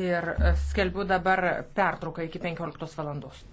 ir skelbiu dabar pertrauką iki 15 valandos.